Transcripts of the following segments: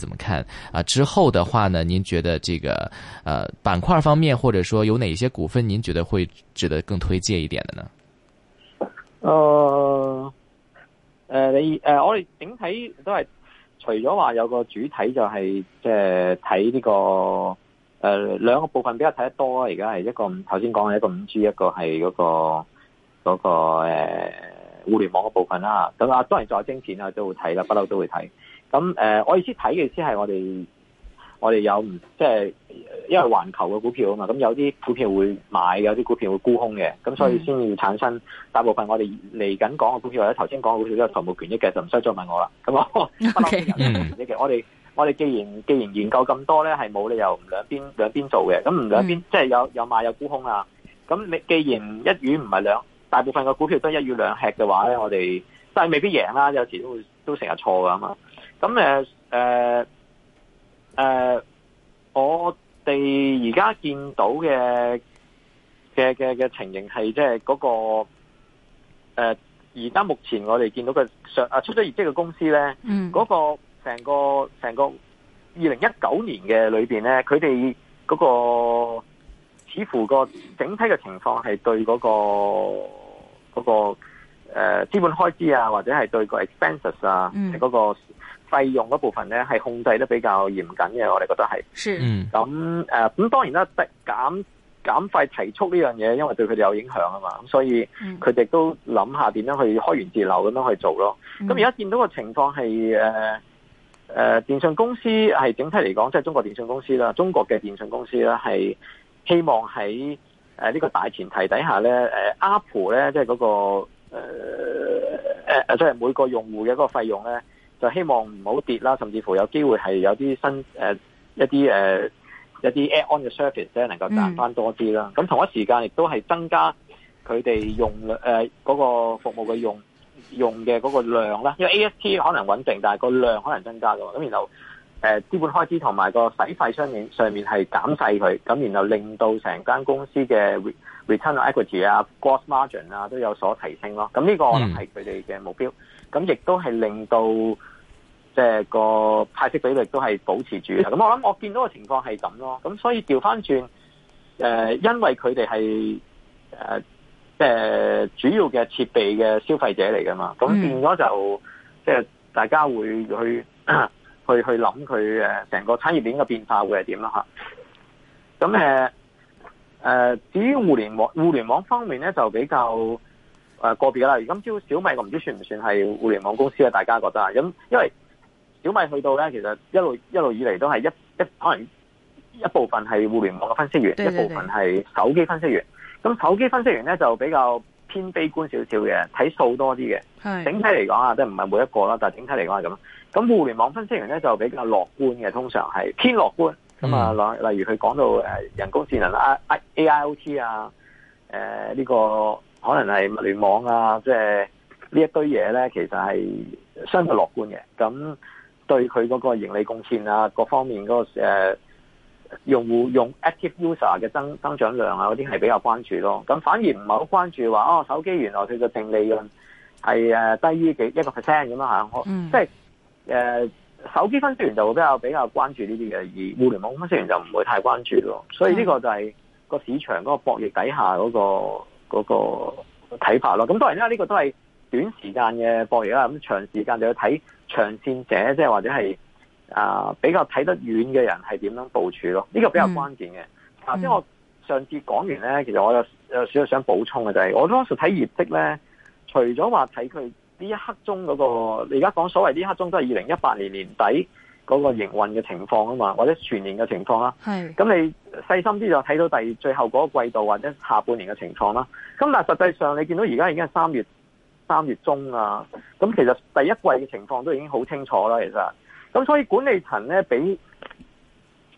怎麼看啊？之後的話呢？您覺得這個，呃，板塊方面，或者說有哪一些股份，您覺得會值得更推薦一點的呢？呃，誒、呃，你誒、呃，我哋整體都係，除咗話有個主體就係、即係，誒，睇呢個，誒、呃，兩個部分比較睇得多啊。而家係一個頭先講嘅一個五 G，一個係嗰、那個嗰、那個誒、呃、互聯網嘅部分啦。咁啊，當然再晶片，啊都會睇啦，不嬲都會睇。咁誒、呃，我意思睇嘅意思係，我哋我哋有唔即係，因為環球嘅股票啊嘛，咁有啲股票會買，有啲股票會沽空嘅，咁所以先要產生大部分我哋嚟緊講嘅股票或者頭先講嘅股票都有財務權益嘅，就唔需要再問我啦。咁我、okay. 我哋 我哋既然既然研究咁多咧，係冇理由唔兩邊兩邊做嘅，咁唔兩邊 即係有有買有沽空啊。咁你既然一魚唔係兩，大部分嘅股票都係一魚兩吃嘅話咧，我哋但係未必贏啦，有時都會都成日錯噶嘛。咁誒誒誒我哋而家見到嘅嘅嘅嘅情形係、嗰個，即係嗰個而家目前我哋見到嘅上啊出咗業績嘅公司咧，嗰、mm. 個成個成個二零一九年嘅裏面咧，佢哋嗰個似乎個整體嘅情況係對嗰、嗰個嗰、嗰個、呃、資本開支啊，或者係對個 expenses 啊，嗰、mm. 嗰個。費用嗰部分咧，係控制得比較嚴謹嘅，我哋覺得係。是。咁誒，咁、嗯嗯、當然啦，減減費提速呢樣嘢，因為對佢哋有影響啊嘛，咁所以佢哋都諗下點樣去開源節流咁樣去做咯。咁而家見到個情況係誒誒，電信公司係整體嚟講，即係中國電信公司啦，中國嘅電信公司啦，係希望喺誒呢個大前提底下咧，誒 Apple 咧，即係嗰個誒誒，即係每個用戶嘅嗰個費用咧。就希望唔好跌啦，甚至乎有機會係有啲新誒一啲誒一啲 add-on 嘅 service 咧，能夠賺翻多啲啦。咁同一時間亦都係增加佢哋用誒嗰個服務嘅用用嘅嗰個量啦。因為 ASP 可能穩定，但係個量可能增加咯。咁然後誒資本開支同埋個洗費上面上面係減細佢，咁然後令到成間公司嘅 return on equity 啊、gross margin 啊都有所提升咯。咁呢個可能係佢哋嘅目標。咁亦都係令到即、就、係、是、個派息比率都係保持住，咁我諗我見到個情況係咁咯。咁所以調翻轉，誒，因為佢哋係誒，即係主要嘅設備嘅消費者嚟噶嘛，咁變咗就即係大家會去去去諗佢誒，成個產業鏈嘅變化會係點啦吓，咁誒誒，至於互聯網互聯網方面咧就比較誒個別啦，而今朝小米我唔知算唔算係互聯網公司啊，大家覺得啊咁因為。小米去到咧，其實一路一路以嚟都係一一可能一部分係互聯網嘅分析員，對對對，一部分係手機分析員。咁手機分析員咧就比較偏悲觀少少嘅，睇數多啲嘅。整體嚟講啊，即係唔係每一個啦，但係整體嚟講係咁。咁互聯網分析員咧就比較樂觀嘅，通常係偏樂觀咁、嗯、啊。例例如佢講到誒人工智能啊 AIOT 啊，誒、這、呢個可能係物聯網啊，即係呢一堆嘢咧，其實係相對樂觀嘅。咁對佢嗰個盈利貢獻啊，各方面嗰、那個、呃、用戶用 active user 嘅增增長量啊，嗰啲係比較關注咯。咁反而唔係好關注話哦，手機原來佢嘅淨利潤係誒低於幾一個 percent 咁啊嚇。我、嗯、即係誒、呃、手機分析員就會比較比較關注呢啲嘅，而互聯網分析員就唔會太關注咯。所以呢個就係個市場嗰個博弈底下嗰、那個睇、那個、法咯。咁當然啦，呢、這個都係短時間嘅博弈啦。咁長時間就要睇。長線者即係或者係啊、呃、比較睇得遠嘅人係點樣部署咯？呢個比較關鍵嘅。頭、mm-hmm. 先我上次講完呢，其實我有有少少想補充嘅就係、是，我當時睇業績呢，除咗話睇佢呢一刻鐘嗰、那個，你而家講所謂呢一刻鐘都係二零一八年年底嗰個營運嘅情況啊嘛，或者全年嘅情況啦。咁、mm-hmm. 你細心啲就睇到第最後嗰個季度或者下半年嘅情況啦。咁但係實際上你見到而家已經係三月。三月中啊，咁其實第一季嘅情況都已經好清楚啦。其實，咁所以管理層咧，俾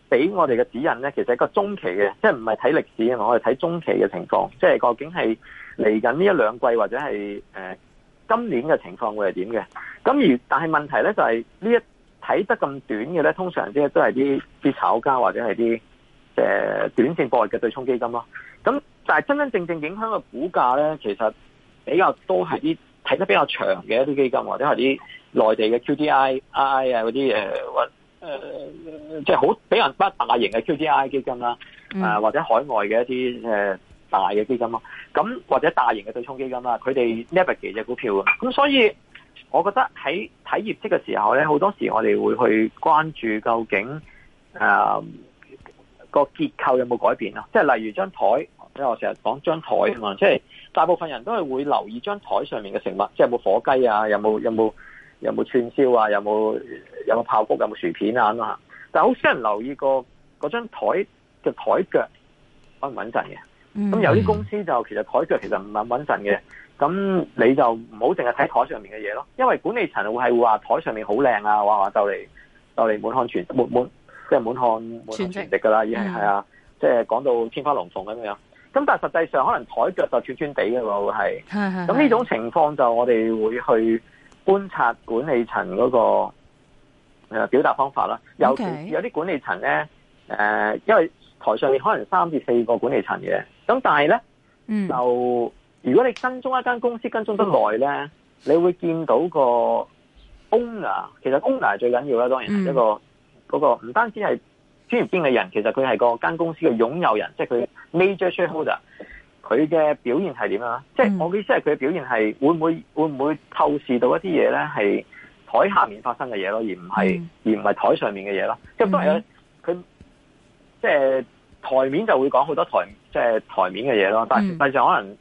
俾我哋嘅指引咧，其實係一個中期嘅，即係唔係睇歷史啊，我哋睇中期嘅情況，即係究竟係嚟緊呢一兩季或者係誒、呃、今年嘅情況會係點嘅？咁而但係問題咧就係、是、呢一睇得咁短嘅咧，通常即係都係啲啲炒家或者係啲誒短線博弈嘅對沖基金咯。咁但係真真正正影響個股價咧，其實。比較多係啲睇得比較長嘅一啲基金，或者係啲內地嘅 QDII 啊嗰啲誒或誒，即係好比較不大型嘅 QDII 基金啦，誒、呃、或者海外嘅一啲誒、呃、大嘅基金咯。咁或者大型嘅對沖基金啦，佢哋 leverage 嘅股票。咁所以，我覺得喺睇業績嘅時候咧，好多時我哋會去關注究竟誒、呃、個結構有冇改變咯。即係例如張枱，即係我成日講張枱啊嘛，即係。大部分人都係會留意張台上面嘅食物，即係有冇火雞啊，有冇有冇有冇串燒啊，有冇有冇炮谷，有冇薯片啊咁啊。但係好少人留意過嗰張台嘅台腳穩唔穩陣嘅。咁有啲公司就其實台腳其實唔係穩陣嘅。咁你就唔好淨係睇台上面嘅嘢咯，因為管理層會係話台上面好靚啊，話就嚟就嚟滿漢全滿即係、即係、滿漢滿漢全席噶啦，已經係係啊，即係講到天花龍鳳咁樣。咁但係實際上可能台腳就串串地嘅喎。係咁呢種情況就我哋會去觀察管理層嗰個誒表達方法啦。尤其有啲管理層咧，誒，因為台上面可能三至四個管理層嘅。咁但係咧，就如果你跟蹤一間公司跟蹤得耐咧，你會見到個 owner，其實 owner 係最緊要啦。當然係一個嗰個唔單止係專業邊嘅人，其實佢係嗰間公司嘅擁有人，即係佢。Major shareholder 佢嘅表現係點樣？即係我嘅意思係佢嘅表現係會唔會會唔會透視到一啲嘢咧？係台下面發生嘅嘢咯，而唔係、嗯、而唔係台上面嘅嘢咯。即係都係佢即係台面就會講好多台即係台面嘅嘢咯。但係、嗯、但係可能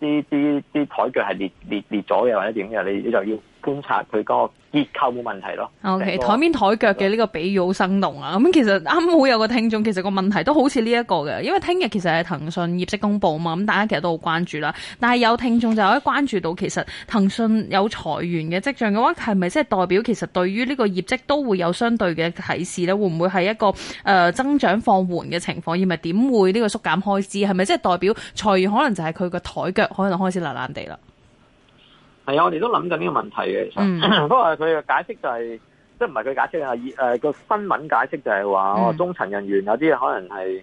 啲啲啲台腳係裂，裂裂裂咗嘅或者點嘅，你你就要觀察佢、嗰個。結構冇問題咯。O K，台面台腳嘅呢個比喻好生動啊。咁其實啱好有個聽眾，其實個問題都好似呢一個嘅，因為聽日其實係騰訊業績公布啊嘛。咁大家其實都好關注啦。但係有聽眾就可以關注到，其實騰訊有裁員嘅跡象嘅話，係咪即係代表其實對於呢個業績都會有相對嘅提示咧？會唔會係一個誒、呃、增長放緩嘅情況，而唔係點會呢個縮減開支？係咪即係代表裁員可能就係佢個台腳可能開始爛爛地啦？係啊，我哋都諗緊呢個問題嘅，其實。就是，不過佢嘅解釋就係，即係唔係佢解釋啊，係誒個新聞解釋就係話，中層人員有啲可能係誒、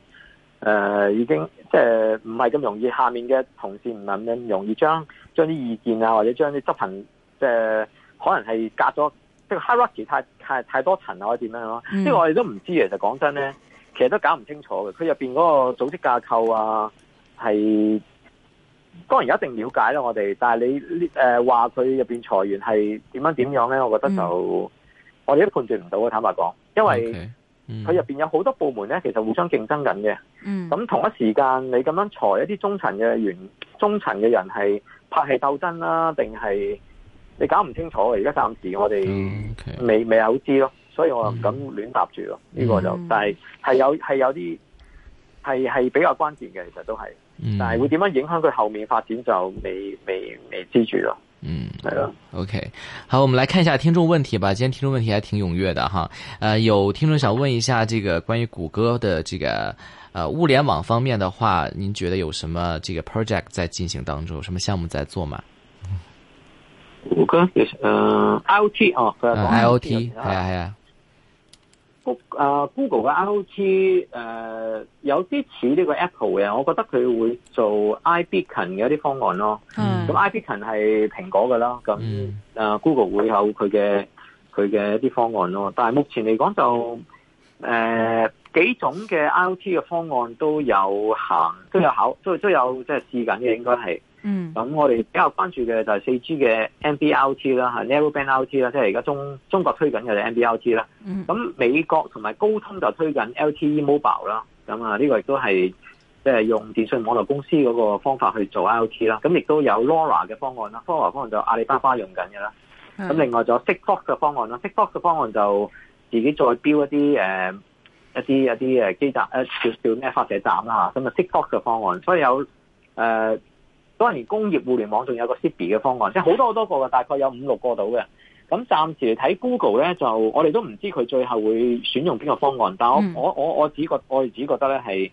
呃、已經即係唔係咁容易，下面嘅同事唔係咁容易將將啲意見啊，或者將啲執行，即、就、係、是、可能係隔咗即係 hierarchy 太太太多層啊，或者點樣咯。即、嗯、係、就是、我哋都唔知其實講真咧，其實都搞唔清楚嘅，佢入邊嗰個組織架構啊係。當然一定了解啦，我哋，但係你呢？誒、呃，話佢入邊裁員係點樣點樣咧？我覺得就、mm. 我哋都判斷唔到嘅，坦白講，因為佢入邊有好多部門咧,其實互相競爭緊嘅。咁、mm. 同一時間你咁樣裁一啲中層嘅員，中層嘅人係拍戲鬥爭啦，定係你搞唔清楚？而家暫時我哋未、mm. 未有知咯，所以我又唔敢亂答住咯。呢、mm. 個就但係係有係有啲係係比較關鍵嘅，其實都係。但係會點樣影響佢後面發展就未未未知住咯。嗯，係咯。OK，好，我們來看一下聽眾問題吧。今天聽眾問題還挺踴躍的哈。呃，有聽眾想問一下，這個關於谷歌的這個，呃，物聯網方面的話，您覺得有什麼這個 project 在進行當中，有什麼項目在做嗎？谷歌，嗯，嗯，IOT 啊，IOT，係啊係啊。IOT, IOT, yeah, yeah, yeah. Yeah. Google 啊，Google 嘅 IoT 誒有啲似呢個 Apple 嘅，我覺得佢會做 iBeacon 嘅一啲方案咯。嗯，咁 iBeacon 係蘋果嘅啦，咁誒 Google 會有佢嘅佢嘅一啲方案咯。但係目前嚟講就誒幾種嘅 IoT 嘅方案都有行，都有考，都都有即係試緊嘅，應該係。嗯，咁我哋比較關注嘅就係四 G 嘅 NB-IoT 啦，哈，Narrowband-IoT 啦，即係而家中中國推緊嘅就 NB-IoT 啦。咁、嗯、美國同埋高通就推緊 LTE-Mobile 啦。咁啊，呢個亦都係即係用電信網絡公司嗰個方法去做 IoT 啦。咁亦都有 LoRa 嘅方案啦，LoRa 方案就阿里巴巴用緊嘅啦。咁另外就 Sigfox 嘅方案啦，Sigfox 嘅方案就自己再標一啲、呃、一啲一啲誒基站叫少少咩發射站啦咁啊，Sigfox 嘅方案，所以有誒。呃可能當然工業互聯網仲有個 Siri 嘅方案，即係好多好多個嘅，大概有五六個到嘅。咁暫時嚟睇 Google 呢，就我哋都唔知佢最後會選用邊個方案。但我、嗯、我我我只覺我哋只覺得呢係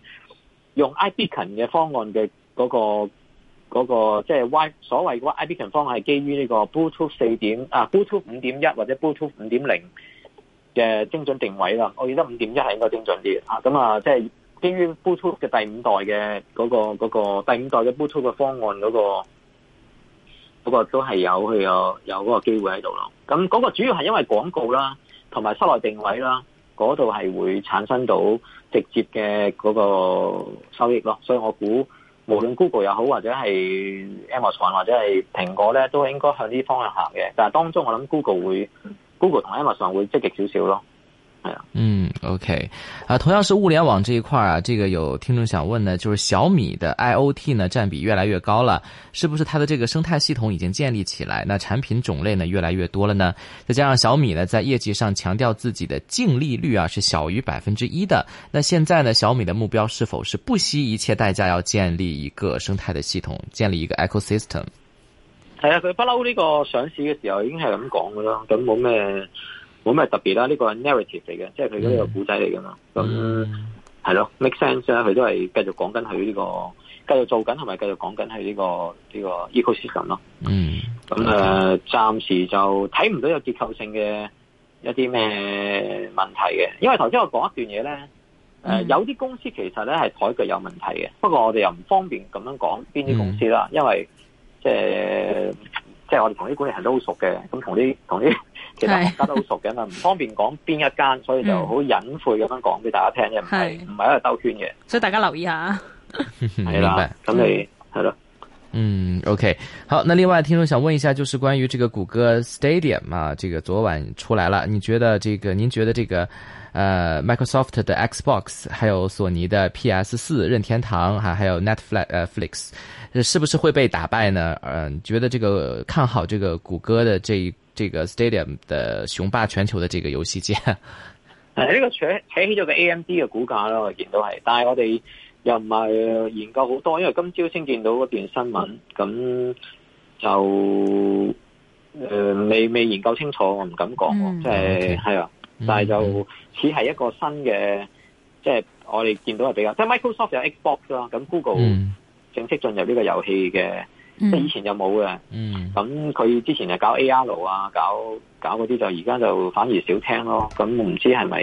用 iBeacon 嘅方案嘅嗰、那個嗰、那個即係 Y 所謂嘅話 iBeacon 方案係基於呢個 Bluetooth 4點啊 Bluetooth 5點一或者 Bluetooth 5點零嘅精準定位啦。我記得5點一係應該精準啲啊。咁啊，即係。基於 Bluetooth 嘅第五代嘅嗰個嗰個第五代嘅 Bluetooth 嘅方案嗰個嗰個都係有佢有有嗰個機會喺度咯。咁嗰個主要係因為廣告啦，同埋室內定位啦，嗰度係會產生到直接嘅嗰個收益咯。所以我估無論 Google 又好，或者係 Amazon 或者係蘋果咧，都應該向呢方向行嘅。但係當中我諗 Google 會 Google 同 Amazon 會積極少少咯。嗯，OK，啊，同樣是物聯網這一塊啊，這個有聽眾想問呢，就是小米的 IoT 呢占比越來越高了，是不是它的這個生態系統已經建立起來？那產品種類呢越來越多了呢？再加上小米呢在業績上強調自己的淨利率啊是小於百分之一的，那現在呢小米的目標是否是不惜一切代價要建立一個生態的系統，建立一個 Ecosystem？係啊，佢不嬲呢個上市嘅時候已經係咁講㗎啦，咁冇咩。咁咪特別啦？呢個係 narrative 嚟嘅，即係佢呢個古仔嚟噶嘛？咁係咯，make sense 啦。佢都係繼續講緊佢呢個，繼續做緊同埋繼續講緊佢呢個呢個 ecosystem 咯。Mm-hmm. 嗯，咁、呃、誒暫時就睇唔到有結構性嘅一啲咩問題嘅，因為頭先我講一段嘢咧，誒、mm-hmm. 呃、有啲公司其實咧係台腳有問題嘅，不過我哋又唔方便咁樣講邊啲公司啦，因為即係即係我哋同啲管理人都好熟嘅，咁同啲同啲。其實大家都好熟嘅嘛，唔方便講邊一間，所以就好隱晦咁樣講俾大家聽啫，唔係唔係喺度兜圈嘅。所以大家留意下。係 啦，咁你係咯，嗯，嗯，OK，好。那另外聽眾想問一下，就是關於這個谷歌 Stadium 嘛、啊，這個昨晚出來了，你覺得這個，您覺得這個？誒，Microsoft 的 Xbox，還有索尼的 PS 四，任天堂，還還有 Netflix，誒，是不是會被打敗呢？嗯、呃，覺得這個看好這個谷歌的這這個 Stadium 的雄霸全球的這個遊戲機。誒、嗯，呢個扯扯起咗個 AMD 嘅股價啦，我見到係，但係我哋又唔係研究好多，因為今朝先見到嗰段新聞，咁就誒未未研究清楚，我唔敢講，即係係啊。但係就似係一個新嘅，mm-hmm. 即係我哋見到係比較，即係 Microsoft 有 Xbox 啦，咁 Google 正式進入呢個遊戲嘅，即、mm-hmm. 係以前就冇嘅。咁、mm-hmm. 佢之前係搞 AR 啊，搞搞嗰啲就而家就反而少聽咯。咁唔知係咪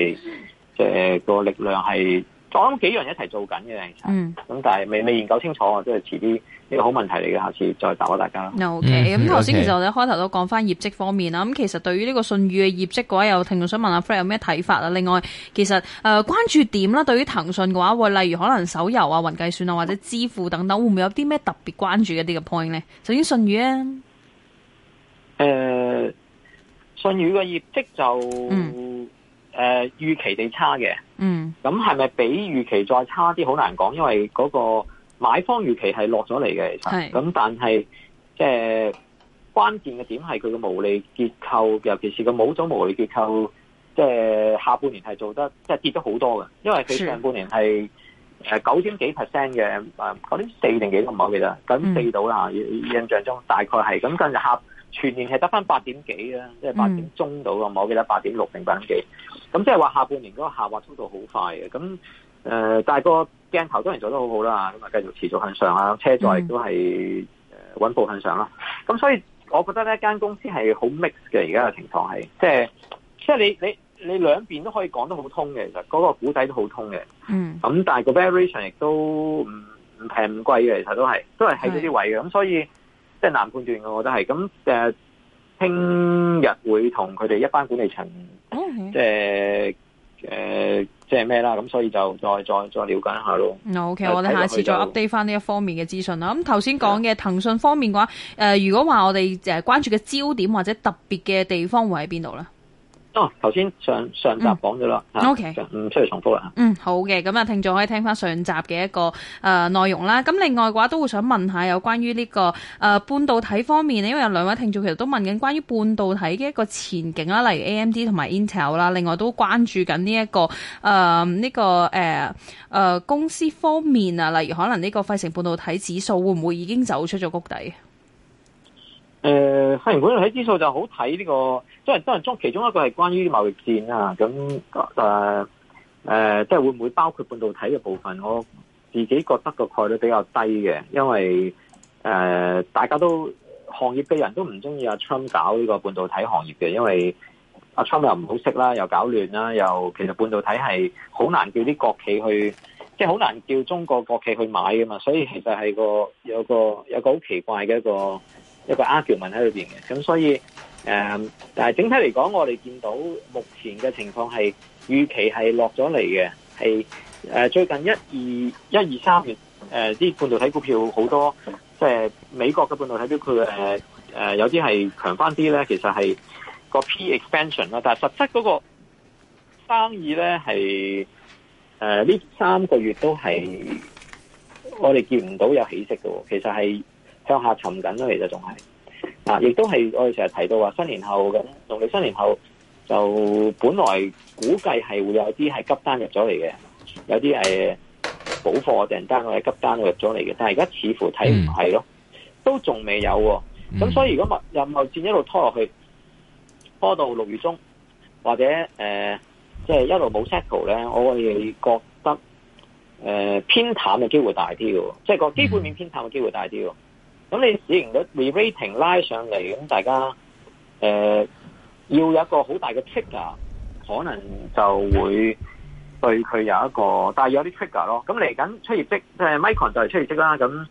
即係個力量係？我諗幾樣一齊做緊嘅，嗯，咁但係未未研究清楚，都係遲啲。呢個好問題嚟嘅，下次再答咗大家。啦 OK，咁頭先其實我哋開頭都講翻業績方面啦，咁其實對於呢個信譽嘅業績嘅話，有聽眾想問阿 Frank 有咩睇法啊？另外，其實誒、呃、關注點啦，對於騰訊嘅話，會例如可能手遊啊、雲計算啊或者支付等等，會唔會有啲咩特別關注一啲嘅 point 咧？首先信譽呢、呃，信譽咧，誒，信譽嘅業績就。嗯誒、呃、預期地差嘅，嗯，咁係咪比預期再差啲好難講，因為嗰個買方預期係落咗嚟嘅，其實，係，咁但係即係關鍵嘅點係佢個毛利結構，尤其是佢冇咗毛利結構，即、就、係、是、下半年係做得即係、就是、跌咗好多嘅，因為佢上半年係誒九點幾 percent 嘅，誒九點四定幾都唔好記得，九點四到啦印象中大概係，咁近日下全年係得翻八點幾啦，即係八點中到啊，唔好記得八點六定八點幾。咁即係話下半年嗰個下滑速度好快嘅，咁誒、呃，但係個鏡頭當然做得好好啦，咁啊，繼續持續向上啊，車載都係誒穩步向上啦。咁所以我覺得呢間公司係好 mix 嘅，而家嘅情況係，即係即係你你你兩邊都可以講得好通嘅，其實嗰個股底都好通嘅。嗯。咁但係個 variation 亦都唔唔平唔貴嘅，其實都係都係喺呢啲位嘅。咁所以即係、就是、難判斷嘅，我覺得係。咁、呃、誒。聽日會同佢哋一班管理層，okay。即係、呃、即係咩啦？咁所以就再再再了解一下咯。o、okay, k、呃、我哋下次再 update 翻呢一方面嘅資訊啦。咁頭先講嘅騰訊方面嘅話、yeah。呃，如果話我哋關注嘅焦點或者特別嘅地方會喺邊度咧？哦，頭先上上集講咗啦，OK，唔出嚟重複啦。嗯，好嘅，咁啊，聽眾可以聽翻上集嘅一個誒內、呃、容啦。咁另外嘅話，都會想問下有關於呢、這個誒、呃、半導體方面，因為有兩位聽眾其實都問緊關於半導體嘅一個前景啦，例如 AMD 同埋 Intel 啦。另外都關注緊呢一個誒呢、呃這個誒誒、呃呃、公司方面啊，例如可能呢個費城半導體指數會唔會已經走出咗谷底？誒、呃，發現股聯繫指數就好睇呢個，即係當然其中一個係關於貿易戰啊。咁誒誒，即係會唔會包括半導體嘅部分？我自己覺得個概率比較低嘅，因為誒、呃、大家都行業嘅人都唔中意阿 Trump 搞呢個半導體行業嘅，因為阿 Trump 又唔好識啦，又搞亂啦，又其實半導體係好難叫啲國企去，即係好難叫中國國企去買嘅嘛。所以其實係個有個有個好奇怪嘅一個一個 argument 喺裏邊嘅，咁所以誒、嗯，但係整體嚟講，我哋見到目前嘅情況係預期係落咗嚟嘅，係誒、呃、最近一二一二三月誒啲、呃、半導體股票好多，即、就、係、是、美國嘅半導體包括誒誒有啲係強翻啲咧，其實係個 P expansion 啦，但係實質嗰個生意咧係誒呢三、呃、個月都係我哋見唔到有起色嘅，其實係。向下沉緊咯，其實仲係啊，亦都係我哋成日提到話，新年後咁農曆新年後就本來估計係會有啲係急單入咗嚟嘅，有啲係補貨訂單或者急單入咗嚟嘅，但係而家似乎睇唔係咯，都仲未有喎、哦。咁所以如果貿易戰一路拖落去，拖到六月中或者誒，即、呃、係、就是、一路冇 settle 咧，我會覺得誒、呃、偏淡嘅機會大啲嘅，即、就、係、是、個基本面偏淡嘅機會大啲嘅。嗯嗯咁你市盈率 re-rating 拉上嚟，咁大家誒、呃、要有一個好大嘅 trigger，可能就會對佢有一個但係有啲 trigger 咯。咁嚟緊出業績，即係 Micron 就係出業績啦。咁誒，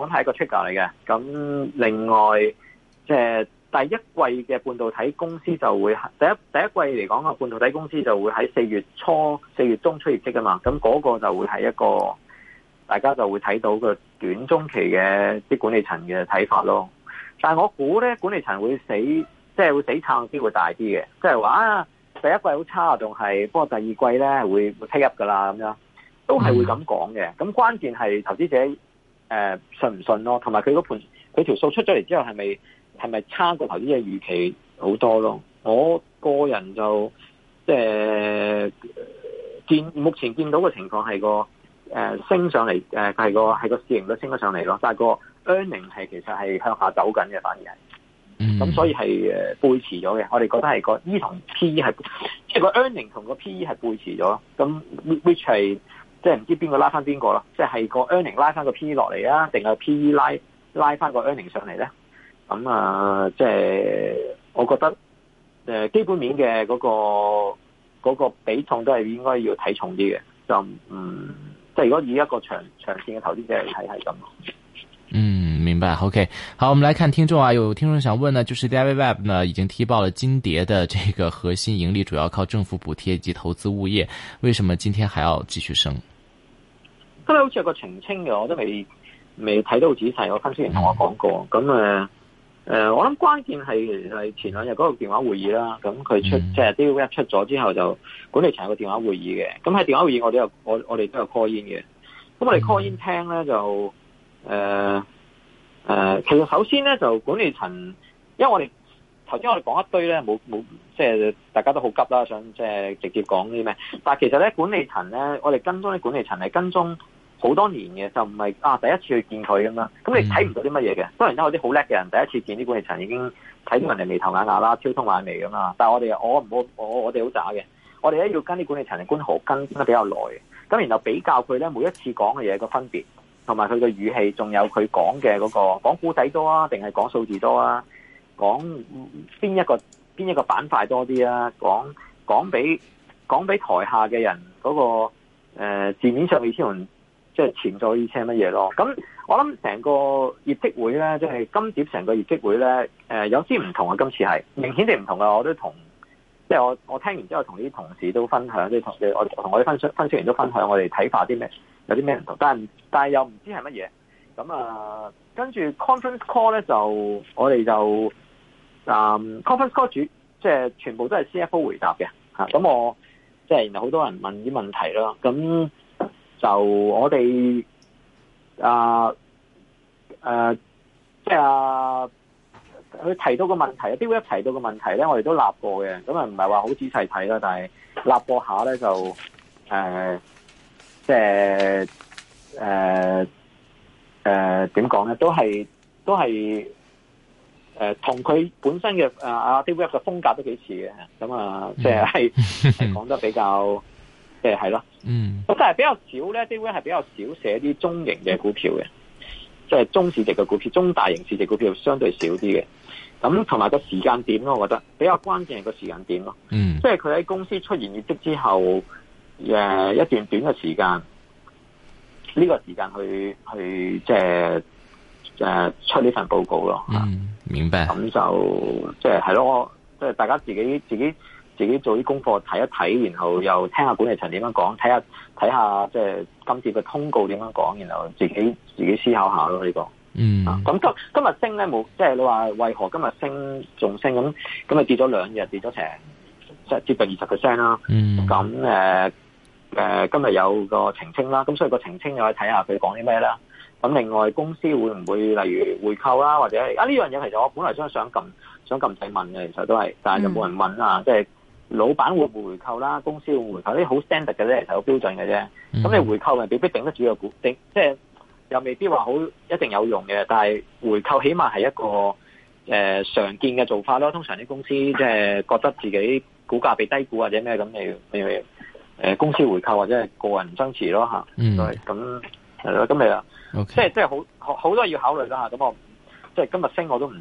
我諗係一個 trigger 嚟嘅。咁另外即係、就是、第一季嘅半導體公司就會第一第一季嚟講嘅半導體公司就會喺四月初四月中出業績啊嘛。咁嗰個就會係一個大家就會睇到嘅。短中期嘅啲管理層嘅睇法咯，但係我估咧管理層會死，即係會死撐嘅機會大啲嘅，即係話啊第一季好差啊，仲係，不過第二季咧會會 take up 噶啦，咁樣都係會咁講嘅。咁關鍵係投資者誒、呃、信唔信咯，同埋佢嗰盤佢條數出咗嚟之後，係咪係咪差過投資者預期好多咯？我個人就即係、呃、見目前見到嘅情況係個。誒、呃，升上嚟誒，係、呃、個係個市盈率升咗上嚟咯，但係個 earning 係其實係向下走緊嘅，反而係，咁、mm-hmm. 嗯、所以係誒背馳咗嘅。我哋覺得係個 E 同 P 係，即係個 earning 同個 P E 係背馳咗。咁 which 係即係唔知邊個拉翻邊個咯？即係個 earning 拉翻個 P E 落嚟啊，定係 P E 拉拉翻個 earning 上嚟咧？咁、嗯、啊、呃，即係我覺得誒、呃、基本面嘅嗰、那個嗰、那個比重都係應該要睇重啲嘅，就唔。嗯即係如果以一個長長線嘅投資者嚟睇，係咁。嗯，明白。OK，好，我們來看聽眾啊，有聽眾想問呢，就是 David Webb 呢，已經踢爆了金蝶的這個核心盈利主要靠政府補貼以及投資物業，為什麼今天還要繼續升？今日好似有個澄清嘅，我都未未睇到仔細，我分析員同我講過，咁誒。誒、呃，我諗關鍵係係前兩日嗰個電話會議啦，咁佢出、嗯、即係 D Wave 出咗之後就管理層有個電話會議嘅，咁喺電話會議我哋我我哋都有 call in 嘅，咁我哋 call in 聽咧就誒誒、呃呃，其實首先咧就管理層，因為我哋頭先我哋講一堆咧，冇冇即係大家都好急啦，想即係直接講啲咩，但係其實咧管理層咧，我哋跟蹤啲管理層係跟蹤。好多年嘅就唔係啊第一次去見佢咁啦，咁你睇唔到啲乜嘢嘅。當然啦，有啲好叻嘅人第一次見啲管理層已經睇到人哋眉頭眼眼啦，超通眼眉咁啦。但係我哋我我我我哋好渣嘅。我哋咧要跟啲管理層嘅官豪跟得比較耐，咁然後比較佢咧每一次講嘅嘢個分別，同埋佢嘅語氣，仲有佢講嘅嗰個講古仔多啊，定係講數字多啊，講邊一個邊一個板塊多啲啊，講講俾講俾台下嘅人嗰個、呃、字面上面先。即係潛在依車乜嘢咯？咁我諗成個業績會咧，即係今節成個業績會咧，誒、呃、有啲唔同啊！今次係明顯地唔同啊！我都同即係我我聽完之後，同啲同事都分享，即係同我同我啲分析分析員都分享我哋睇法啲咩，有啲咩唔同，但但係又唔知係乜嘢。咁啊，跟、呃、住 conference call 咧，就我哋就啊、呃、conference call 主即係、就是、全部都係 CFO 回答嘅吓咁、啊、我即係然後好多人問啲問題咯。咁就我哋啊，誒、啊，即係、啊、佢提到個問題 David 提到個問題咧，我哋都立過嘅，咁啊唔係話好仔細睇啦，但係立過下咧就誒、啊，即係誒誒點講咧，都係都係誒同佢本身嘅啊 David 嘅風格都幾似嘅，咁啊即係係講得比較。即係係咯，嗯，咁但係比較少咧，啲位係比較少寫啲中型嘅股票嘅，即係中市值嘅股票，中大型市值股票相對少啲嘅。咁同埋個時間點咯，我覺得比較關鍵係個時間點咯，嗯，即係佢喺公司出現業績之後，誒一段短嘅時間，呢個時間去去即係誒出呢份報告咯，嗯，明白。咁就即係係咯，我即係大家自己自己。自己做啲功課睇一睇，然後又聽下管理層點樣講，睇下睇下即係今次嘅通告點樣講，然後自己自己思考下咯呢、這個。嗯、啊。咁今今日升咧冇，即係、就是、你話為何今日升仲升咁、啊嗯呃呃？今日跌咗兩日，跌咗成即接近二十個 percent 啦。咁誒今日有個澄清啦，咁所以個澄清又去睇下佢講啲咩啦。咁另外公司會唔會例如回購啦、啊，或者啊呢樣嘢其實我本來都想撳想撳仔問嘅，其實都係，但係就冇人問、嗯、啊，即、就、係、是。老闆會唔會回購啦，公司會,會回購，啲好 standard 嘅咧就好標準嘅啫。咁、嗯、你回購咪未必頂得住個股，頂即係又未必話好一定有用嘅。但係回購起碼係一個誒、呃、常見嘅做法咯。通常啲公司即係覺得自己股價被低估或者咩咁，你你誒、呃、公司回購或者係個人增持咯吓，嗯，咁係咯，咁咪啦。即係即係好好多要考慮啦吓，咁我即係今日升我都唔。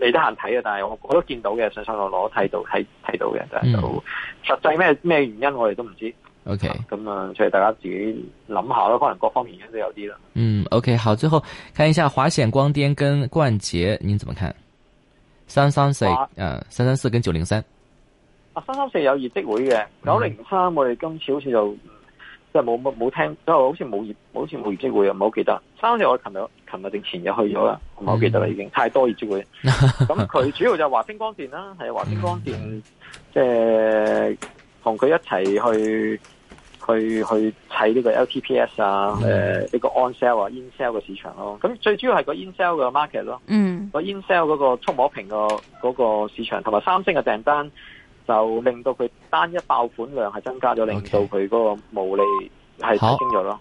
未得閒睇啊！但係我我都見到嘅，上上落落睇到睇睇到嘅，就、嗯、實際咩咩原因我哋都唔知。O K，咁啊，所以大家自己諗下咯，可能各方面原因都有啲啦。嗯，OK，好，最後看一下華顯光電跟冠捷，你怎麼看？三三四，誒，三三四跟九零三。啊，三三四有業績會嘅，九零三我哋今次好似就即係冇冇聽，即係好似冇業，好似冇業績會啊！唔係好記得，三三四我琴日。琴日定前日去咗啦，唔、嗯、我記得啦，已經太多而住嘅。咁 佢主要就華星光電啦，係華星光電，即係同佢一齊去去去睇呢個 LTPS 啊，呢、嗯呃這個 on sell 啊，in sell 嘅市場咯。咁最主要係個 in sell 嘅 market 咯，嗯，那 in-sell 那個 in sell 嗰個觸摸屏個嗰個市場，同埋三星嘅訂單就令到佢單一爆款量係增加咗，okay，令到佢嗰個毛利係升咗咯。